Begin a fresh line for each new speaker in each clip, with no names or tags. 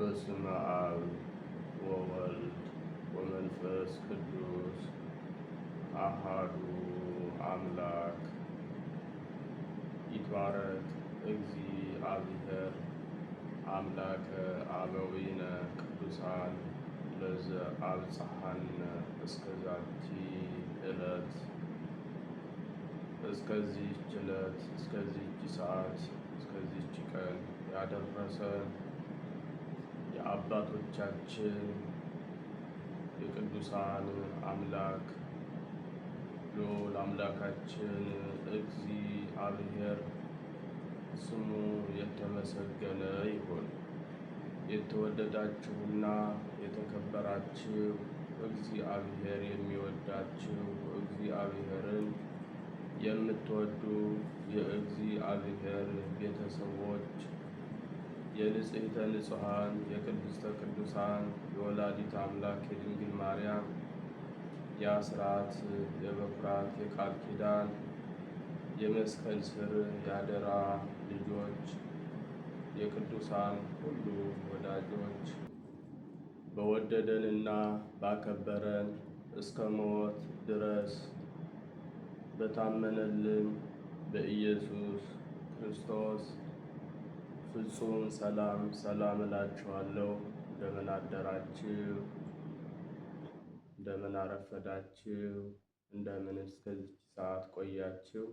በስመ አብ ወወልድ ወመንፈስ ቅዱስ አሃዱ አምላክ ይትባረክ እግዚአብሔር አምላከ አበዊነ ቅዱሳን ለዘ አብጽሐነ እስከዛቲ ዕለት እስከዚች ዕለት እስከዚህች ሰዓት እስከዚች ቀን ያደረሰ የአባቶቻችን የቅዱሳን አምላክ ሎል አምላካችን እግዚአብሔር ስሙ የተመሰገነ ይሁን። የተወደዳችሁና የተከበራችሁ እግዚአብሔር የሚወዳችሁ እግዚአብሔርን የምትወዱ የእግዚአብሔር ቤተሰቦች የንጽሕተ ንጹሐን የቅድስተ ቅዱሳን የወላዲት አምላክ የድንግል ማርያም የአስራት የበኩራት የቃል ኪዳን የመስቀል ስር የአደራ ልጆች የቅዱሳን ሁሉ ወዳጆች በወደደንና ባከበረን እስከ ሞት ድረስ በታመነልን በኢየሱስ ክርስቶስ ፍጹም ሰላም ሰላም እላችኋለሁ። እንደምን አደራችሁ? እንደምን አረፈዳችሁ? እንደምን እስከዚህ ሰዓት ቆያችሁ?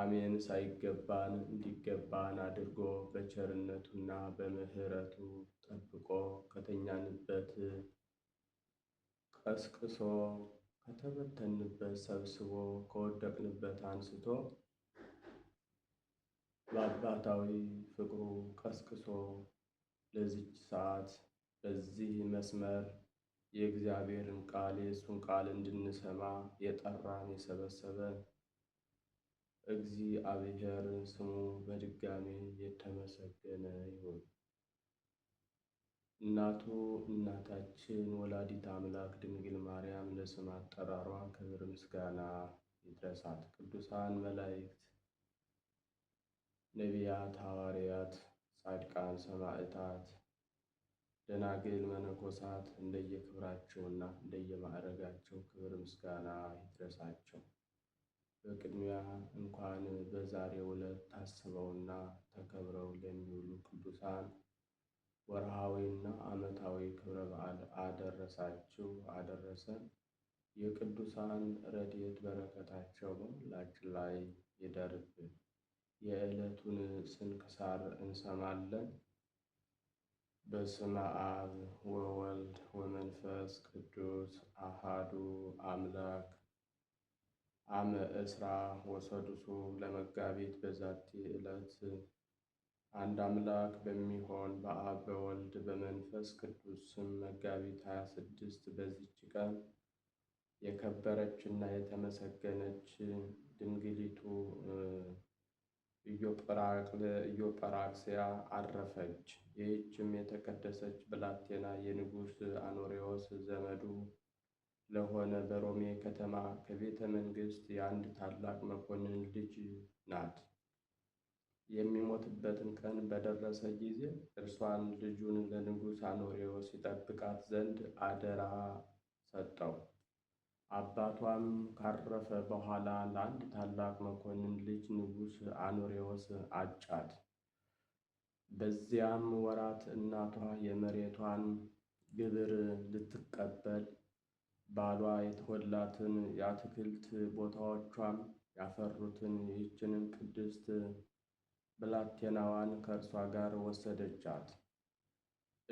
አሜን ሳይገባን እንዲገባን አድርጎ በቸርነቱና በምሕረቱ ጠብቆ ከተኛንበት ቀስቅሶ ከተበተንበት ሰብስቦ ከወደቅንበት አንስቶ በአባታዊ ፍቅሩ ቀስቅሶ ለዚች ሰዓት በዚህ መስመር የእግዚአብሔርን ቃል የእሱን ቃል እንድንሰማ የጠራን የሰበሰበን እግዚአብሔር ስሙ በድጋሜ የተመሰገነ ይሁን። እናቱ እናታችን ወላዲት አምላክ ድንግል ማርያም ለስም አጠራሯ ክብር ምስጋና ይድረሳት። ቅዱሳን መላእክት ነቢያት፣ ሐዋርያት፣ ጻድቃን፣ ሰማዕታት፣ ደናግል፣ መነኮሳት እንደየክብራቸውና እንደየማዕረጋቸው ክብር ምስጋና ይድረሳቸው። በቅድሚያ እንኳን በዛሬ ዕለት ታስበውና ተከብረው ለሚውሉ ቅዱሳን ወርሃዊና ዓመታዊ ክብረ በዓል አደረሳችሁ አደረሰን። የቅዱሳን ረድኤት በረከታቸው በሁላችን ላይ ይደርብን። የዕለቱን ስንክሳር እንሰማለን። በስመ አብ ወወልድ ወመንፈስ ቅዱስ አሃዱ አምላክ አመ እስራ ወሰዱሱ ለመጋቢት በዛቲ ዕለት አንድ አምላክ በሚሆን በአብ በወልድ በመንፈስ ቅዱስ ስም መጋቢት 26 በዚች ቀን የከበረች እና የተመሰገነች ድንግሊቱ ኢዮጵራክስያ አረፈች። ይህችም የተቀደሰች ብላቴና የንጉሥ አኖሬዎስ ዘመዱ ለሆነ በሮሜ ከተማ ከቤተ መንግሥት የአንድ ታላቅ መኮንን ልጅ ናት። የሚሞትበትን ቀን በደረሰ ጊዜ እርሷን ልጁን ለንጉሥ አኖሬዎስ ይጠብቃት ዘንድ አደራ ሰጠው። አባቷም ካረፈ በኋላ ለአንድ ታላቅ መኮንን ልጅ ንጉሥ አኖሬዎስ አጫት። በዚያም ወራት እናቷ የመሬቷን ግብር ልትቀበል ባሏ የተወላትን የአትክልት ቦታዎቿም ያፈሩትን ይህችንም ቅድስት ብላቴናዋን ከእርሷ ጋር ወሰደቻት።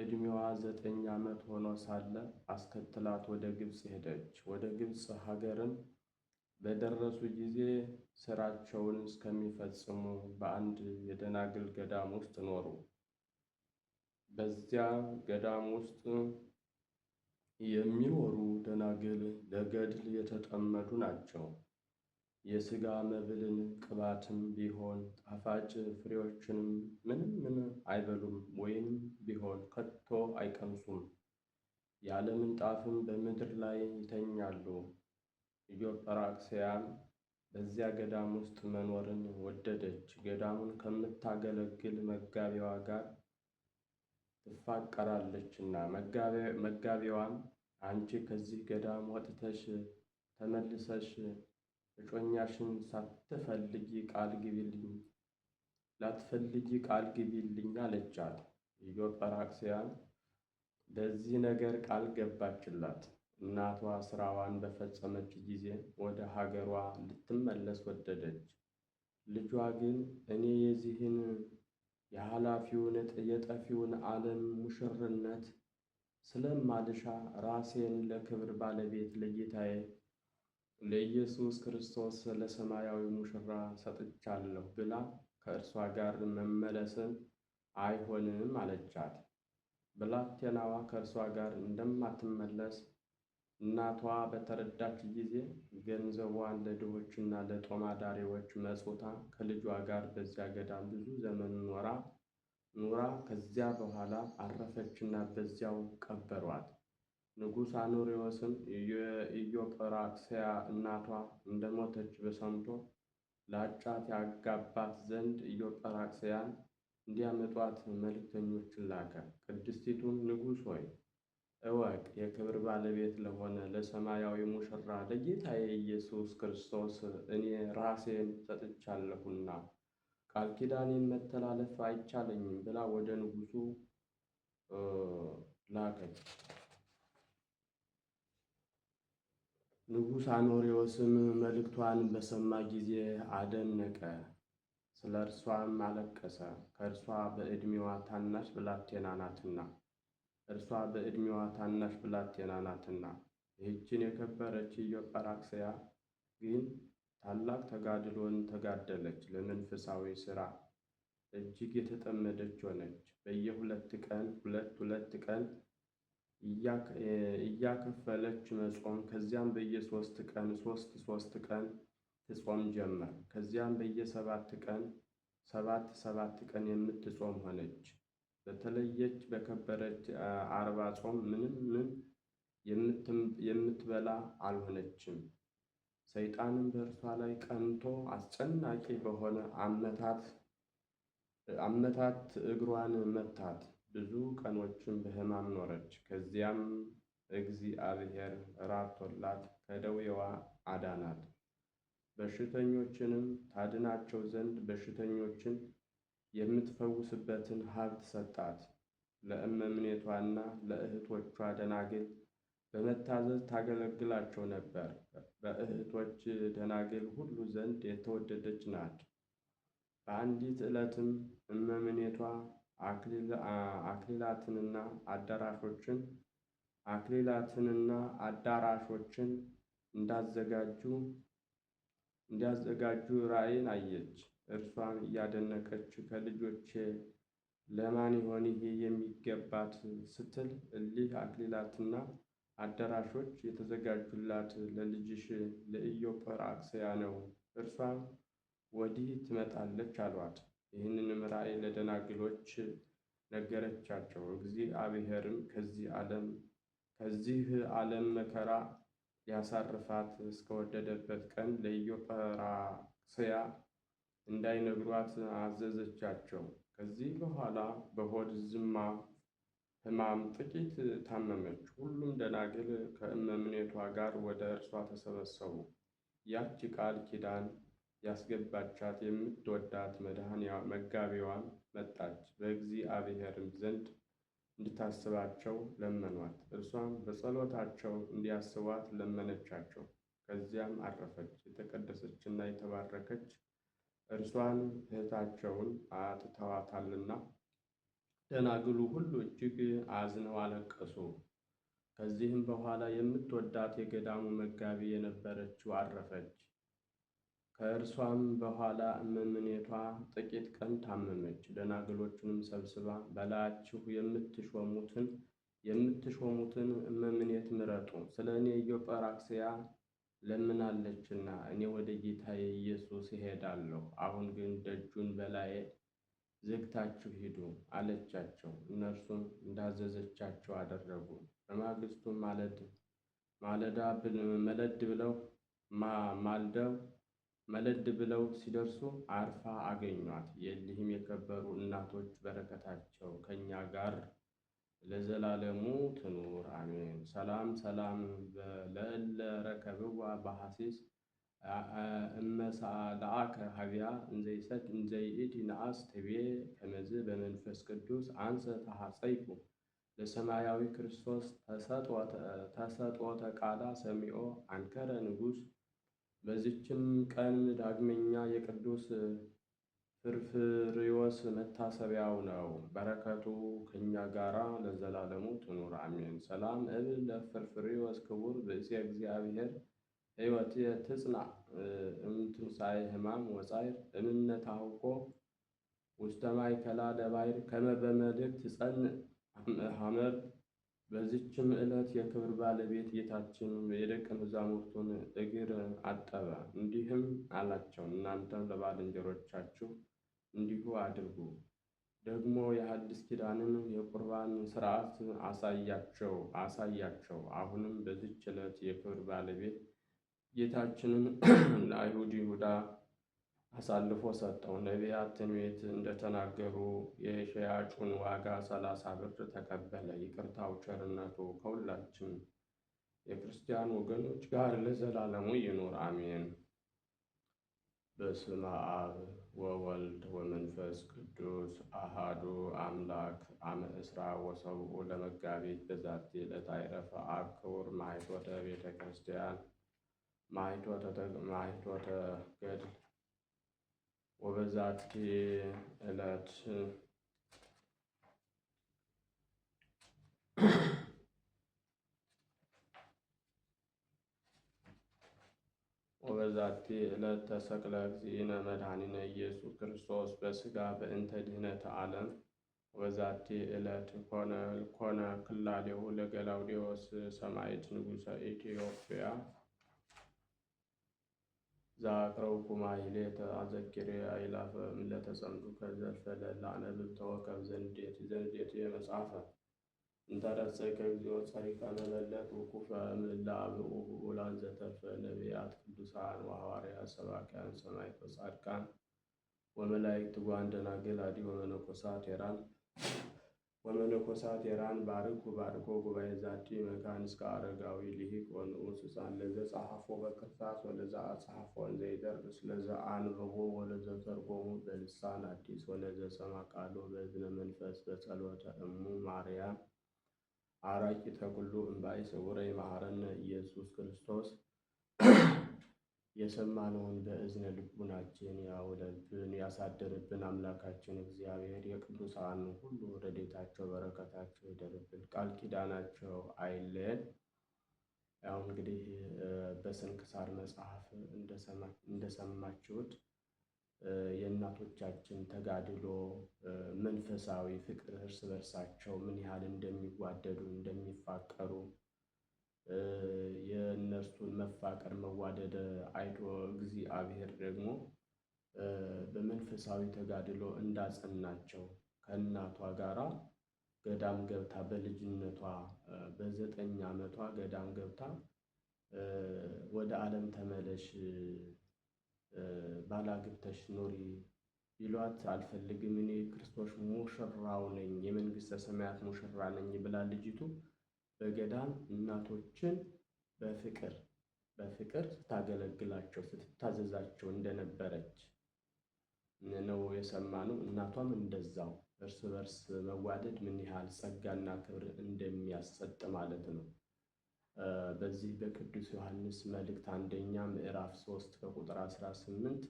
ዕድሜዋ ዘጠኝ ዓመት ሆኖ ሳለ አስከትላት ወደ ግብፅ ሄደች። ወደ ግብፅ ሀገርም በደረሱ ጊዜ ሥራቸውን እስከሚፈጽሙ በአንድ የደናግል ገዳም ውስጥ ኖሩ። በዚያ ገዳም ውስጥ የሚኖሩ ደናግል ለገድል የተጠመዱ ናቸው። የሥጋ መብልን ቅባትም ቢሆን ጣፋጭ ፍሬዎችንም ምንም ምን አይበሉም ወይም ቢሆን ከቶ አይቀምሱም። ያለ ምንጣፍም በምድር ላይ ይተኛሉ። ኢዮጵራክስያም በዚያ ገዳም ውስጥ መኖርን ወደደች። ገዳሙን ከምታገለግል መጋቢዋ ጋር ትፋቀራለችና መጋቢዋም አንቺ ከዚህ ገዳም ወጥተሽ ተመልሰሽ እጮኛሽን ሳትፈልጊ ቃል ግቢልኝ ላትፈልጊ ቃል ግቢልኝ አለቻት። ኢዮብ ጰራቅሊጦስ ለዚህ ነገር ቃል ገባችላት። እናቷ ስራዋን በፈጸመች ጊዜ ወደ ሀገሯ ልትመለስ ወደደች። ልጇ ግን እኔ የዚህን የኃላፊውን የጠፊውን ዓለም ሙሽርነት ስለማልሻ ራሴን ለክብር ባለቤት ለጌታዬ ለኢየሱስ ክርስቶስ ለሰማያዊ ሙሽራ ሰጥቻለሁ ብላ ከእርሷ ጋር መመለስን አይሆንም አለቻት። ብላቴናዋ ከእርሷ ጋር እንደማትመለስ እናቷ በተረዳች ጊዜ ገንዘቧን ለድሆችና ለጦማ ዳሪዎች መጽውታ ከልጇ ጋር በዚያ ገዳም ብዙ ዘመን ኖራ ኑራ ከዚያ በኋላ አረፈችና በዚያው ቀበሯት። ንጉሥ አኖሬዎስም የኢዮጵራክስያ እናቷ እንደ ሞተች በሰምቶ ላጫት ያጋባት ዘንድ ኢዮጵራክስያን እንዲያመጧት መልእክተኞችን ላከ። ቅድስቲቱም ንጉሥ ሆይ እወቅ፣ የክብር ባለቤት ለሆነ ለሰማያዊ ሙሽራ ለጌታዬ ኢየሱስ ክርስቶስ እኔ ራሴን ሰጥቻለሁና ቃል ኪዳኔን መተላለፍ አይቻለኝም ብላ ወደ ንጉሡ ላከች። ንጉሥ አኖሪዎስም መልእክቷን በሰማ ጊዜ አደነቀ፣ ስለ እርሷም አለቀሰ። ከእርሷ በዕድሜዋ ታናሽ ብላቴና ናትና እርሷ በዕድሜዋ ታናሽ ብላቴና ናትና። ይህችን የከበረች ኢዮጵራክስያ ግን ታላቅ ተጋድሎን ተጋደለች። ለመንፈሳዊ ሥራ እጅግ የተጠመደች ሆነች። በየሁለት ቀን ሁለት ሁለት ቀን እያከፈለች መጾም ከዚያም በየሶስት ቀን ሶስት ሶስት ቀን ትጾም ጀመር። ከዚያም በየሰባት ቀን ሰባት ሰባት ቀን የምትጾም ሆነች። በተለየች በከበረች አርባ ጾም ምንም ምን የምትበላ አልሆነችም። ሰይጣንም በእርሷ ላይ ቀንቶ አስጨናቂ በሆነ አመታት አመታት እግሯን መታት። ብዙ ቀኖችን በሕማም ኖረች። ከዚያም እግዚአብሔር ራቶላት ከደዌዋ አዳናት። በሽተኞችንም ታድናቸው ዘንድ በሽተኞችን የምትፈውስበትን ሀብት ሰጣት። ለእመምኔቷና ለእህቶቿ ደናግል በመታዘዝ ታገለግላቸው ነበር። በእህቶች ደናግል ሁሉ ዘንድ የተወደደች ናት። በአንዲት ዕለትም እመምኔቷ አክሊላትንና አዳራሾችን አክሊላትንና አዳራሾችን እንዳዘጋጁ እንዲያዘጋጁ ራእይን አየች። እርሷም እያደነቀች ከልጆቼ ለማን ይሆን ይሄ የሚገባት ስትል እሊህ አክሊላትና አዳራሾች የተዘጋጁላት ለልጅሽ ለኢዮጵራክስያ ነው፣ እርሷም ወዲህ ትመጣለች አሏት። ይህንንም ራእይ ለደናግሎች ነገረቻቸው። እግዚአብሔርም ከዚህ ዓለም ከዚህ ዓለም መከራ ሊያሳርፋት እስከወደደበት ቀን ለኢዮጵራክስያ እንዳይነግሯት አዘዘቻቸው። ከዚህ በኋላ በሆድ ዝማ ሕማም ጥቂት ታመመች። ሁሉም ደናግል ከእመምኔቷ ጋር ወደ እርሷ ተሰበሰቡ። ያቺ ቃል ኪዳን ያስገባቻት የምትወዳት መጋቢዋን መጣች። በእግዚአብሔርም ዘንድ እንድታስባቸው ለመኗት። እርሷም በጸሎታቸው እንዲያስቧት ለመነቻቸው። ከዚያም አረፈች። የተቀደሰችና የተባረከች እርሷን እህታቸውን አጥተዋታልና ደናግሉ ሁሉ እጅግ አዝነው አለቀሱ። ከዚህም በኋላ የምትወዳት የገዳሙ መጋቢ የነበረችው አረፈች። ከእርሷም በኋላ እመምኔቷ ጥቂት ቀን ታመመች። ደናግሎቹንም ሰብስባ በላያችሁ የምትሾሙትን የምትሾሙትን እመምኔት ምረጡ፣ ስለ እኔ ኢዮጰራክስያ ለምናለችና እኔ ወደ ጌታዬ ኢየሱስ እሄዳለሁ። አሁን ግን ደጁን በላዬ ዘግታችሁ ሂዱ አለቻቸው። እነርሱም እንዳዘዘቻቸው አደረጉ። በማግስቱ ማለድ ማለዳ መለድ ብለው ማልደው መለድ ብለው ሲደርሱ አርፋ አገኟት። የእሊህም የከበሩ እናቶች በረከታቸው ከእኛ ጋር ለዘላለሙ ትኑር አሜን። ሰላም ሰላም ለእለ ረከብዋ በሐሲስ እመሳ ለአከ ሀቢያ እንዘይሰት እንዘይኢድ ነአስ ትቤ ከመዝ በመንፈስ ቅዱስ አንሰ ተሐፀይኩ ለሰማያዊ ክርስቶስ ተሰጦተ ቃላ ሰሚኦ አንከረ ንጉሥ በዚችም ቀን ዳግመኛ የቅዱስ ፍርፍሪዎስ መታሰቢያው ነው። በረከቱ ከኛ ጋራ ለዘላለሙ ትኑር አሜን። ሰላም እብ ለፍርፍሪዎስ ክቡር ብእሴ እግዚአብሔር ሕይወት ትጽና እምትንሣኤ ህማም ወጻይር እምነት አውቆ ውስተማይ ማእከላ ደባይር ከመ በመልእክት ጸን ሐመር በዚችም ዕለት የክብር ባለቤት ጌታችን የደቀ መዛሙርቱን እግር አጠበ፣ እንዲህም አላቸው፣ እናንተም ለባልንጀሮቻችሁ እንዲሁ አድርጉ። ደግሞ የሐዲስ ኪዳንን የቁርባን ስርዓት አሳያቸው አሳያቸው። አሁንም በዚች ዕለት የክብር ባለቤት ጌታችንን ለአይሁድ ይሁዳ አሳልፎ ሰጠው። ነቢያት ትንቢት እንደተናገሩ የሽያጩን ዋጋ ሰላሳ ብር ተቀበለ። ይቅርታው ቸርነቱ ከሁላችን የክርስቲያን ወገኖች ጋር ለዘላለሙ ይኑር አሜን። በስመ አብ ወወልድ ወመንፈስ ቅዱስ አሃዱ አምላክ አመ እስራ ወሰብኡ ለመጋቢት በዛቲ ዕለት አይረፈ አብ ክቡር ማኅቶተ ቤተ ክርስቲያን ማኅቶተ ገድል ወበዛቲ ዕለት ወበዛቲ ዕለት ተሰቅለ እግዚእነ መድኃኒነ ኢየሱስ ክርስቶስ በስጋ በእንተ ድኅነተ ዓለም ወበዛቲ ዕለት ኮነ ኩላሌሁ ለገላውዴዎስ ሰማዕት ንጉሠ ኢትዮጵያ ዛቅረው ኩማ ይሌተ አዘኪሬ አይላፈ እምለተ ጸምዱከ ዘልፈ ተወከብ ዘንዴት ዘንዴቱ የመጽሐፈ እንተረሰይከ እግዚኦ ጸሪከ መበለት ውኩፈ እምላ ብኡህ ውላን ዘተርፈ ነቢያት ቅዱሳን ወሐዋርያ ሰባክያን ሰማዕታት ጻድቃን ወመላእክት ጓንደናግል አዲ ወመነኮሳት ቴራን ወመነኮሳት የራን ባርኩ ባርኮ ጉባኤ ዛቲ መካን እስከ አረጋዊ ልሂቅ ወንዑስ ሕፃን ለዘ ጸሐፎ በክርታስ ወለዘ አጽሐፎ እንዘይደርስ ለዘ አንብቦ ወለዘ ተርጎሙ በልሳን አዲስ ወለዘ ሰማ ቃሎ በእዝነ መንፈስ በጸሎተ እሙ ማርያም አራቂ ተኩሉ እምባይ ስውረ መሐረነ ኢየሱስ ክርስቶስ የሰማነውን በእዝነ ልቡናችን ያውለብን። ያሳደርብን አምላካችን እግዚአብሔር የቅዱሳን ሁሉ ረድኤታቸው በረከታቸው ይደርብን፣ ቃል ኪዳናቸው አይለን። ያው እንግዲህ በስንክሳር መጽሐፍ እንደሰማችሁት የእናቶቻችን ተጋድሎ መንፈሳዊ ፍቅር እርስ በርሳቸው ምን ያህል እንደሚዋደዱ እንደሚፋቀሩ የእነርሱን መፋቀር መዋደድ አይቶ እግዚአብሔር ደግሞ በመንፈሳዊ ተጋድሎ እንዳጸናቸው ከእናቷ ጋራ ገዳም ገብታ በልጅነቷ በዘጠኝ ዓመቷ ገዳም ገብታ ወደ ዓለም ተመለሽ ባላግብተሽ ኑሪ ይሏት አልፈልግም፣ እኔ ክርስቶስ ሙሽራው ነኝ፣ የመንግሥተ ሰማያት ሙሽራ ነኝ ብላ ልጅቱ በገዳም እናቶችን በፍቅር በፍቅር ስታገለግላቸው ስትታዘዛቸው እንደነበረች ነው የሰማነው። እናቷም እንደዛው እርስ በርስ መዋደድ ምን ያህል ጸጋና ክብር እንደሚያሰጥ ማለት ነው። በዚህ በቅዱስ ዮሐንስ መልእክት አንደኛ ምዕራፍ ሶስት ከቁጥር አስራ ስምንት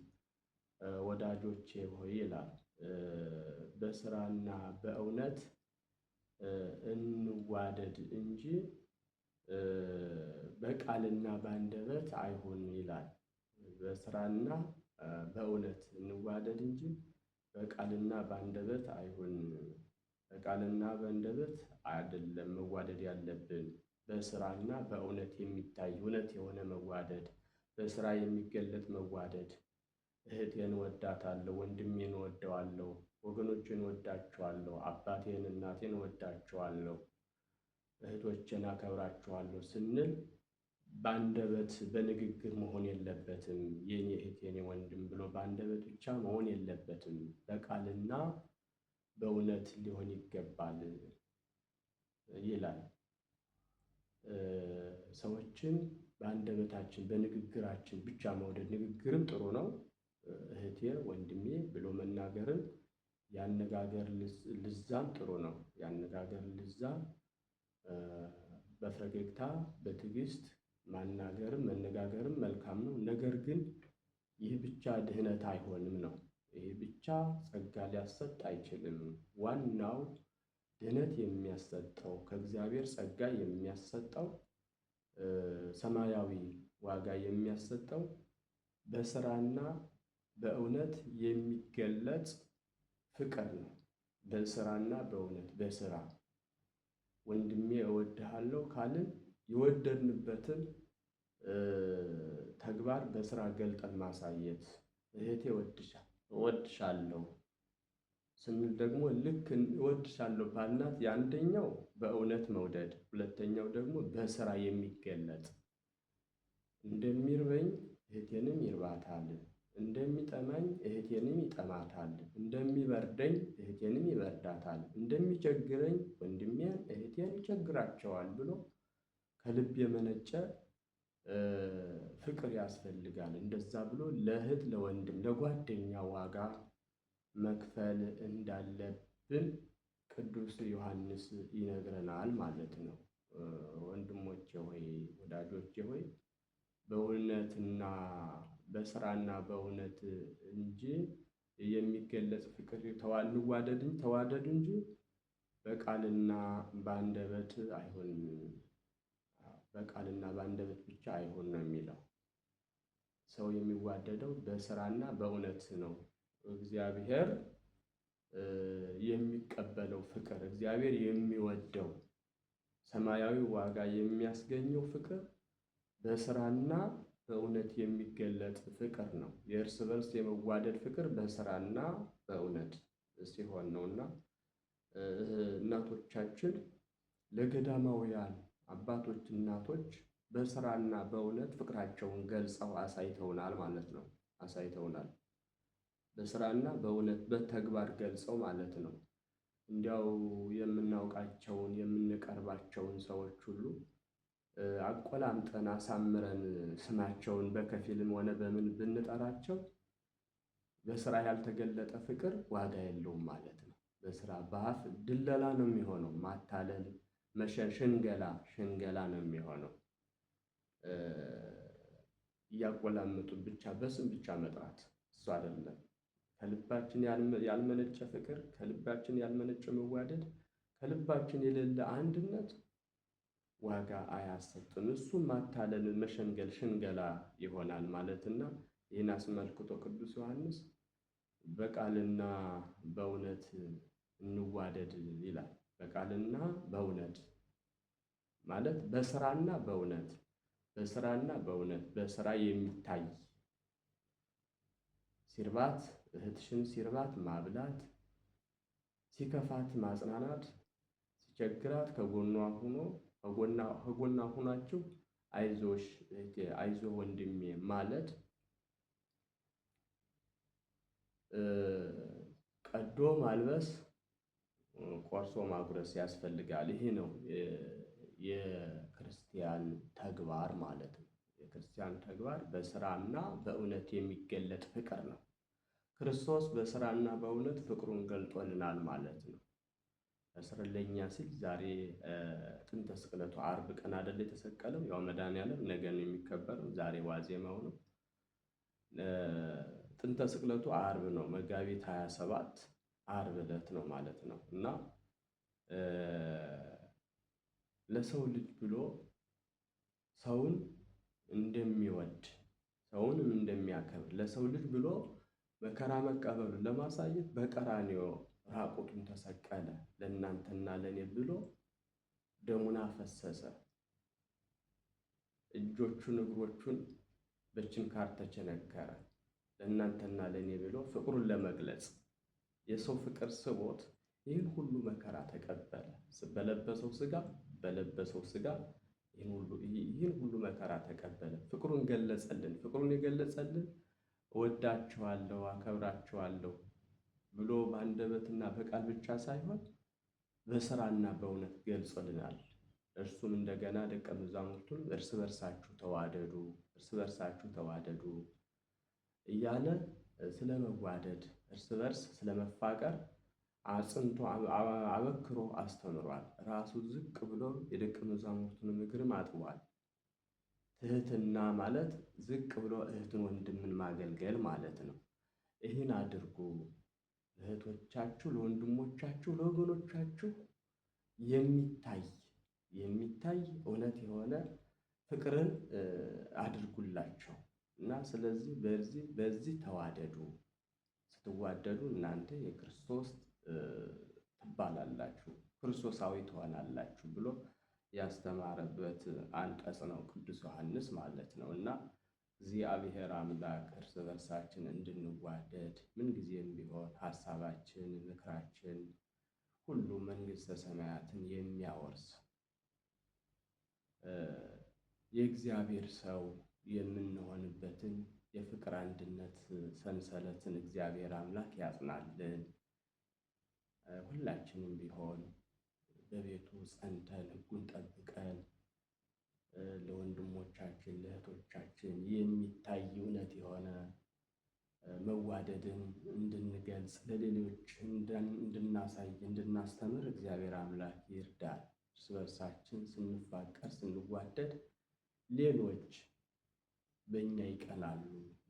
ወዳጆቼ ሆይ ይላል በስራና በእውነት እንዋደድ እንጂ በቃልና በአንደበት አይሆን ይላል። በስራና በእውነት እንዋደድ እንጂ በቃልና በአንደበት አይሁን። በቃልና በአንደበት አይደለም መዋደድ ያለብን፣ በስራና በእውነት የሚታይ እውነት የሆነ መዋደድ፣ በስራ የሚገለጥ መዋደድ እህቴን ወዳታለሁ፣ ወንድሜን ወደዋለሁ ወገኖችን ወዳችኋለሁ፣ አባቴን እናቴን ወዳችኋለሁ፣ እህቶችን አከብራችኋለሁ ስንል በአንደበት በንግግር መሆን የለበትም። የኔ እህት የኔ ወንድም ብሎ በአንደበት ብቻ መሆን የለበትም። በቃልና በእውነት ሊሆን ይገባል ይላል። ሰዎችን በአንደበታችን በንግግራችን ብቻ መውደድ፣ ንግግርም ጥሩ ነው፣ እህቴ ወንድሜ ብሎ መናገርም የአነጋገር ልዛም ጥሩ ነው። የአነጋገር ልዛ በፈገግታ በትዕግስት ማናገርም መነጋገርም መልካም ነው። ነገር ግን ይህ ብቻ ድህነት አይሆንም ነው። ይህ ብቻ ጸጋ ሊያሰጥ አይችልም። ዋናው ድህነት የሚያሰጠው ከእግዚአብሔር ጸጋ የሚያሰጠው ሰማያዊ ዋጋ የሚያሰጠው በስራና በእውነት የሚገለጽ ፍቅር ነው። በስራና በእውነት በስራ ወንድሜ እወድሃለሁ ካልን የወደድንበትን ተግባር በስራ ገልጠን ማሳየት፣ እህቴ እወድሻለሁ ስንል ደግሞ ልክ እወድሻለሁ ባልናት የአንደኛው በእውነት መውደድ፣ ሁለተኛው ደግሞ በስራ የሚገለጥ እንደሚርበኝ እህቴንም ይርባታል እንደሚጠማኝ እህቴንም ይጠማታል እንደሚበርደኝ እህቴንም ይበርዳታል እንደሚቸግረኝ ወንድሜን እህቴን ይቸግራቸዋል ብሎ ከልብ የመነጨ ፍቅር ያስፈልጋል። እንደዛ ብሎ ለእህት ለወንድም ለጓደኛ ዋጋ መክፈል እንዳለብን ቅዱስ ዮሐንስ ይነግረናል ማለት ነው። ወንድሞቼ ሆይ፣ ወዳጆቼ ሆይ በእውነትና በስራና በእውነት እንጂ የሚገለጽ ፍቅር እንዋደድ ተዋደድ እንጂ በቃልና በአንደበት አይሆንም፣ በቃልና በአንደበት ብቻ አይሆን ነው የሚለው። ሰው የሚዋደደው በስራና በእውነት ነው። እግዚአብሔር የሚቀበለው ፍቅር፣ እግዚአብሔር የሚወደው ሰማያዊ ዋጋ የሚያስገኘው ፍቅር በስራና በእውነት የሚገለጥ ፍቅር ነው። የእርስ በርስ የመዋደድ ፍቅር በስራና በእውነት ሲሆን ነው እና እናቶቻችን ለገዳማውያን አባቶች፣ እናቶች በስራና በእውነት ፍቅራቸውን ገልጸው አሳይተውናል ማለት ነው። አሳይተውናል በስራና በእውነት በተግባር ገልጸው ማለት ነው። እንዲያው የምናውቃቸውን የምንቀርባቸውን ሰዎች ሁሉ አቆላምጠን አሳምረን ስማቸውን በከፊልም ሆነ በምን ብንጠራቸው በስራ ያልተገለጠ ፍቅር ዋጋ የለውም ማለት ነው። በስራ በአፍ ድለላ ነው የሚሆነው፣ ማታለል፣ ሽንገላ ሽንገላ ነው የሚሆነው። እያቆላመጡ ብቻ በስም ብቻ መጥራት እሱ አይደለም። ከልባችን ያልመነጨ ፍቅር፣ ከልባችን ያልመነጨ መዋደድ፣ ከልባችን የሌለ አንድነት ዋጋ አያሰጥም። እሱ ማታለል፣ መሸንገል፣ ሽንገላ ይሆናል ማለትና ይህን አስመልክቶ ቅዱስ ዮሐንስ በቃልና በእውነት እንዋደድ ይላል። በቃልና በእውነት ማለት በስራና በእውነት በስራና በእውነት በስራ የሚታይ ሲርባት እህትሽን ሲርባት ማብላት፣ ሲከፋት ማጽናናት፣ ሲቸግራት ከጎኗ ሆኖ ከጎና ሁናችሁ አይዞሽ እህቴ፣ ወንድሜ ማለት ቀዶ ማልበስ፣ ቆርሶ ማጉረስ ያስፈልጋል። ይሄ ነው የክርስቲያን ተግባር ማለት ነው። የክርስቲያን ተግባር በስራና በእውነት የሚገለጥ ፍቅር ነው። ክርስቶስ በስራና በእውነት ፍቅሩን ገልጦልናል ማለት ነው። ስርለኛ ሲል ዛሬ ጥንተ ስቅለቱ አርብ ቀን አደለ የተሰቀለው? ያው መድኃኒዓለም ነገ ነው የሚከበረው። ዛሬ ዋዜማው ነው። ጥንተ ስቅለቱ አርብ ነው፣ መጋቢት 27 አርብ ዕለት ነው ማለት ነው እና ለሰው ልጅ ብሎ ሰውን እንደሚወድ ሰውንም እንደሚያከብር ለሰው ልጅ ብሎ መከራ መቀበሉን ለማሳየት በቀራንዮ ራቁቱን ተሰቀለ ለእናንተና ለእኔ ብሎ ደሙን አፈሰሰ። እጆቹን እግሮቹን በችንካር ተቸነከረ ለእናንተና ለእኔ ብሎ ፍቅሩን ለመግለጽ የሰው ፍቅር ስቦት ይህን ሁሉ መከራ ተቀበለ። በለበሰው ስጋ በለበሰው ስጋ ይህን ሁሉ መከራ ተቀበለ። ፍቅሩን ገለጸልን። ፍቅሩን የገለጸልን እወዳችኋለሁ፣ አከብራችኋለሁ ብሎ በአንደበትና በቃል ብቻ ሳይሆን በስራና በእውነት ገልጾልናል። እርሱም እንደገና ደቀ መዛሙርቱን እርስ በርሳችሁ ተዋደዱ፣ እርስ በርሳችሁ ተዋደዱ እያለ ስለ መዋደድ እርስ በርስ ስለ መፋቀር አጽንቶ አበክሮ አስተምሯል። ራሱ ዝቅ ብሎ የደቀ መዛሙርቱን እግርም አጥቧል። ትህትና ማለት ዝቅ ብሎ እህትን ወንድምን ማገልገል ማለት ነው። ይህን አድርጉ ለእህቶቻችሁ፣ ለወንድሞቻችሁ፣ ለወገኖቻችሁ የሚታይ የሚታይ እውነት የሆነ ፍቅርን አድርጉላቸው እና ስለዚህ በዚህ በዚህ ተዋደዱ። ስትዋደዱ እናንተ የክርስቶስ ትባላላችሁ፣ ክርስቶሳዊ ትሆናላችሁ ብሎ ያስተማረበት አንቀጽ ነው ቅዱስ ዮሐንስ ማለት ነው እና እግዚአብሔር አምላክ እርስ በርሳችን እንድንዋደድ ምንጊዜም ቢሆን ሀሳባችን ምክራችን ሁሉ መንግሥተ ሰማያትን የሚያወርስ የእግዚአብሔር ሰው የምንሆንበትን የፍቅር አንድነት ሰንሰለትን እግዚአብሔር አምላክ ያጽናልን። ሁላችንም ቢሆን በቤቱ ጸንተን ሕጉን ጠብቀን ለወንድሞቻችን ለእህቶቻችን የሚታይ እውነት የሆነ መዋደድን እንድንገልጽ ለሌሎች እንድናሳይ እንድናስተምር እግዚአብሔር አምላክ ይርዳል። እርስ በርሳችን ስንፋቀር ስንዋደድ ሌሎች በእኛ ይቀናሉ።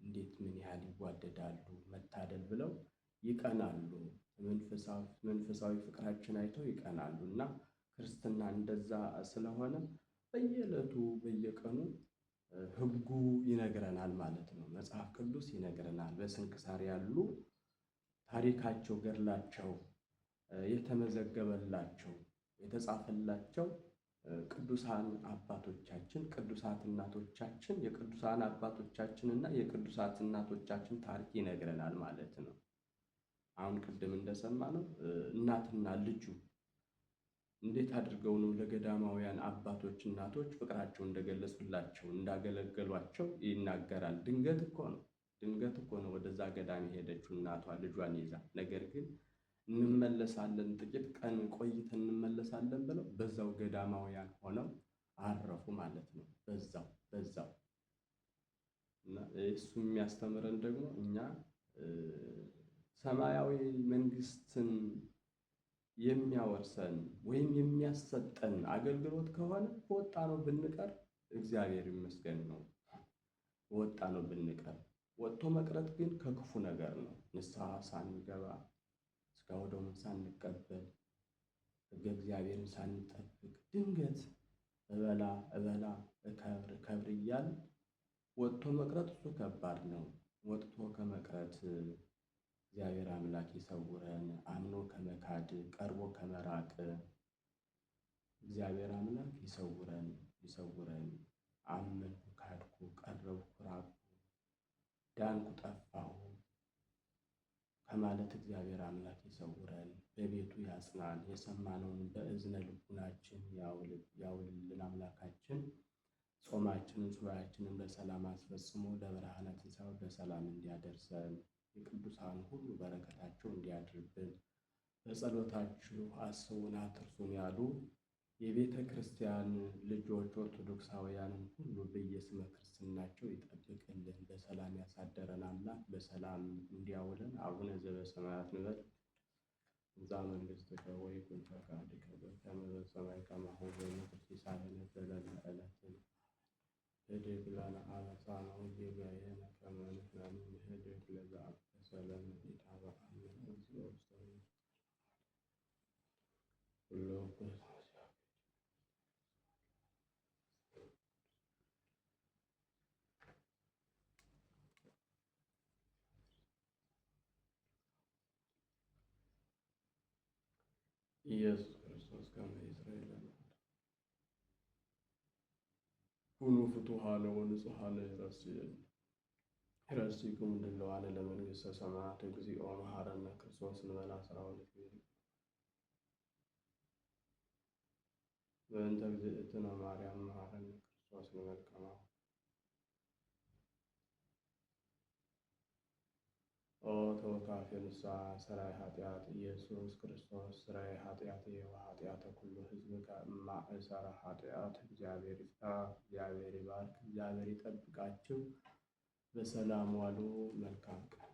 እንዴት ምን ያህል ይዋደዳሉ መታደል ብለው ይቀናሉ። መንፈሳዊ ፍቅራችን አይተው ይቀናሉ እና ክርስትና እንደዛ ስለሆነ በየዕለቱ በየቀኑ ህጉ ይነግረናል ማለት ነው። መጽሐፍ ቅዱስ ይነግረናል። በስንክሳር ያሉ ታሪካቸው፣ ገድላቸው የተመዘገበላቸው የተጻፈላቸው ቅዱሳን አባቶቻችን ቅዱሳት እናቶቻችን የቅዱሳን አባቶቻችን እና የቅዱሳት እናቶቻችን ታሪክ ይነግረናል ማለት ነው። አሁን ቅድም እንደሰማ ነው። እናትና ልጁ እንዴት አድርገው ነው ለገዳማውያን አባቶች እናቶች ፍቅራቸው እንደገለጹላቸው እንዳገለገሏቸው ይናገራል። ድንገት እኮ ነው ድንገት እኮ ነው ወደዛ ገዳም የሄደችው እናቷ ልጇን ይዛ። ነገር ግን እንመለሳለን ጥቂት ቀን ቆይተን እንመለሳለን ብለው በዛው ገዳማውያን ሆነው አረፉ ማለት ነው። በዛው በዛው እሱ የሚያስተምረን ደግሞ እኛ ሰማያዊ መንግስትን የሚያወርሰን ወይም የሚያሰጠን አገልግሎት ከሆነ ወጣ ነው ብንቀር እግዚአብሔር ይመስገን ነው። ወጣ ነው ብንቀር፣ ወጥቶ መቅረት ግን ከክፉ ነገር ነው። ንስሐ ሳንገባ ስጋ ወደሙን ሳንቀበል ሕገ እግዚአብሔርን ሳንጠብቅ ድንገት እበላ እበላ እከብር እከብር እያል ወጥቶ መቅረት እሱ ከባድ ነው። ወጥቶ ከመቅረት እግዚአብሔር አምላክ ይሰውረን። አምኖ ከመካድ ቀርቦ ከመራቅ እግዚአብሔር አምላክ ይሰውረን ይሰውረን። አመንኩ፣ ካድኩ፣ ቀረብኩ፣ ራቅኩ፣ ዳንኩ፣ ጠፋሁ ከማለት እግዚአብሔር አምላክ ይሰውረን፣ በቤቱ ያጽናን። የሰማነውን በእዝነ ልቡናችን ያውልልን አምላካችን። ጾማችንን ሱባኤያችንን በሰላም አስፈጽሞ ለብርሃነ ትንሣኤው በሰላም እንዲያደርሰን የቅዱሳን ሁሉ በረከታቸው እንዲያድርብን በጸሎታችሁ አስቡን አትርሱን ያሉ የቤተ ክርስቲያን ልጆች ኦርቶዶክሳውያንን ሁሉ በየስመ ክርስትናቸው ይጠብቅልን። በሰላም ያሳደረን አምላክ በሰላም እንዲያውለን። አቡነ ዘበሰማያት ንበል። እዛ መንግስት ከወይ ኩንፈቃድ ከበከመ በሰማይ ከማሁ በምድር ሲሳየነ ዘለለ ዕለትነ ህድግ ለነ አበሳነ ወጌጋየነ ከመ ንሕነኒ ንህድግ ለዘ والسلام على أهل المرسلين كلهم يسوع كريستوس كان إسرائيل كونوا فتوحا ونصحا لرسول ዕረፍቱ ምንድን ነው አለ ለመንግሥተ ሰማያት እግዚኦ መሐረነ ክርስቶስ እንበላ አስራ ሁለት ጊዜ በእንተ እግዝእትነ ማርያም መሐረነ ክርስቶስ እንበል ኦ ተወካፌ ንሳ ሠራይ ኃጢአት ኢየሱስ ክርስቶስ ሥራይ ኃጢአት የዋ ኃጢአተ ኩሉ ህዝብ ከማእሰራ ኃጢአት እግዚአብሔር ይፍታ፣ እግዚአብሔር ይባርክ፣ እግዚአብሔር ይጠብቃችሁ። በሰላም ዋሉ። መልካም ቀን